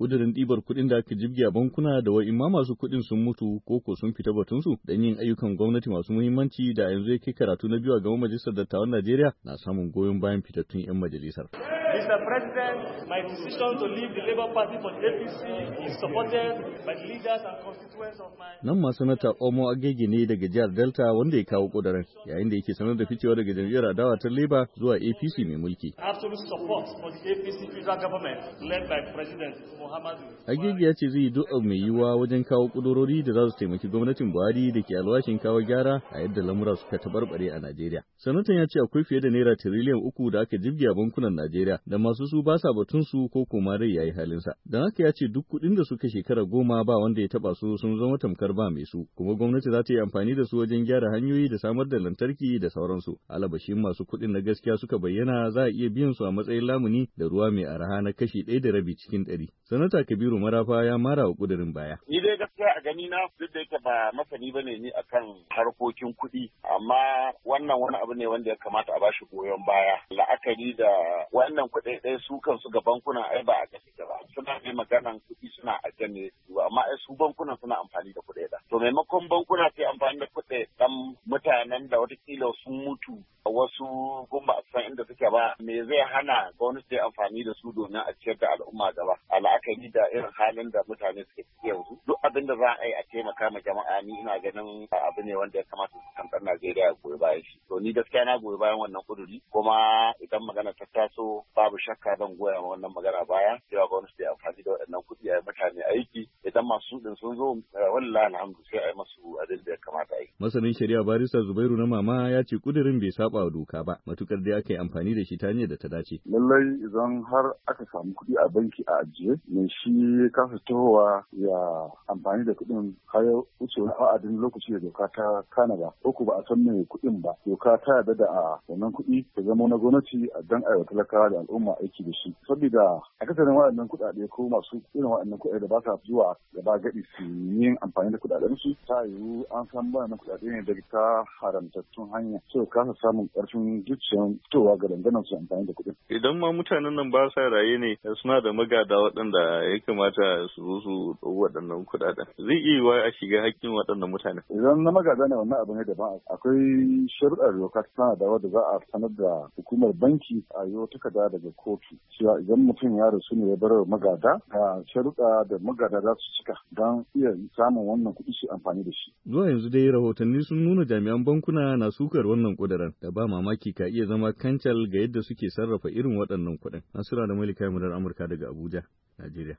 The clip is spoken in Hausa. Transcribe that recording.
kudirin ɗibar kuɗin da aka jibge a bankuna da wa'in ma masu kuɗin sun mutu ko ko sun fita batunsu don yin ayyukan gwamnati masu muhimmanci da yanzu ya kai karatu na biyu a gaban majalisar dattawan Najeriya na samun goyon bayan fitattun 'yan majalisar. Mr. President, my decision to leave the Labour Party for the APC is supported by the leaders and constituents of my... Nan ma sanata Omo Agege ne daga jihar Delta wanda ya kawo kudurin yayin da yake sanar da ficewa daga jam'iyyar adawa ta Labour zuwa APC mai mulki. Absolute support for by President Muhammadu Agege ya ce zai yi dua mai yiwuwa wajen kawo kudurori da za su taimaki gwamnatin Buhari da ke alwashin kawo gyara a yadda lamura suka tabarbare a Najeriya. Sanatan ya ce akwai fiye da naira tiriliyan uku da aka jibge a bankunan Najeriya da masu su ba sa su ko kuma rai ya yi halinsa. Don haka ya ce duk kuɗin da suka shekara goma ba wanda ya taba su sun zama tamkar ba mai su, kuma gwamnati za ta yi amfani da su wajen gyara hanyoyi da samar da lantarki da sauransu. Alabashin masu kuɗin na gaskiya suka bayyana za a iya biyan su a matsayin lamuni da ruwa mai araha na kashi ɗaya da rabi cikin ɗari. Sanata Kabiru Marafa ya mara wa ƙudurin baya. Ni dai gaskiya a gani na duk da yake ba masani ba ne ni akan harkokin kuɗi amma wannan wani abu ne wanda ya kamata a bashi goyon baya la'akari da wannan kuɗaɗe eh, su kansu ga bankuna ai ba a gaske ba suna mai maganan kuɗi suna ajiye ciki amma ai su bankunan suna amfani da da to maimakon bankuna sai amfani da Dan mutanen da watakila sun mutu A wasu gumba a san inda suke ba me zai hana gwamnati ta amfani da su domin a ciyar da al'umma gaba al'akari da irin halin da mutane suke ciki yanzu duk abin da za a yi a taimaka ma jama'a ni ina ganin abu ne wanda ya kamata su kan ɗan Najeriya ya goyi bayan shi to ni gaskiya na goyi bayan wannan kuduri kuma idan magana ta taso babu shakka zan goya ma wannan magana baya cewa gwamnati ta amfani da waɗannan kuɗi a mutane aiki idan masu din sun zo eh, wallahi alhamdu sai a masu adil da kamata a Masanin shari'a barista Zubairu na mama ya ce kudirin bai saba wa doka ba matukar dai aka yi amfani da shi ta hanyar da ta dace. Lallai idan har aka samu kuɗi a banki a ajiye mai shi kasa fitowa ya amfani da kuɗin har ya wuce wani lokaci da doka ta kanada ko ba a san mai kuɗin ba doka ta yarda da a ah, wannan kuɗi ta zama na gwamnati a dan aiwa talakawa da al'umma aiki da shi saboda akasarin waɗannan kuɗaɗe ko masu irin waɗannan kuɗaɗe da ba sa zuwa gaba gaɗi su yi amfani da kudaden su ta yiwu an san ba na kudade ne daga ta haramtattun hanya so kasa samun karfin zuciyar fitowa ga dangana su amfani da kudin idan ma mutanen nan ba sa raye ne suna da magada waɗanda ya kamata su zo su waɗannan kudaden zai iya a shiga hakkin waɗannan mutane idan na magada ne wannan abu ne daban akwai sharuɗar doka ta da wadda za a sanar da hukumar banki a yi wata takarda daga kotu cewa idan mutum ya rasu ne ya bar magada ga sharuɗa da magada za su cika don iya samun wannan kuɗi su amfani da shi. Zuwa yanzu dai rahotanni sun nuna jami'an bankuna na sukar wannan kudiran da ba mamaki ka iya zama kancal ga yadda suke sarrafa irin waɗannan kuɗin. Nasura da Malika Yamurar Amurka daga Abuja, Najeriya.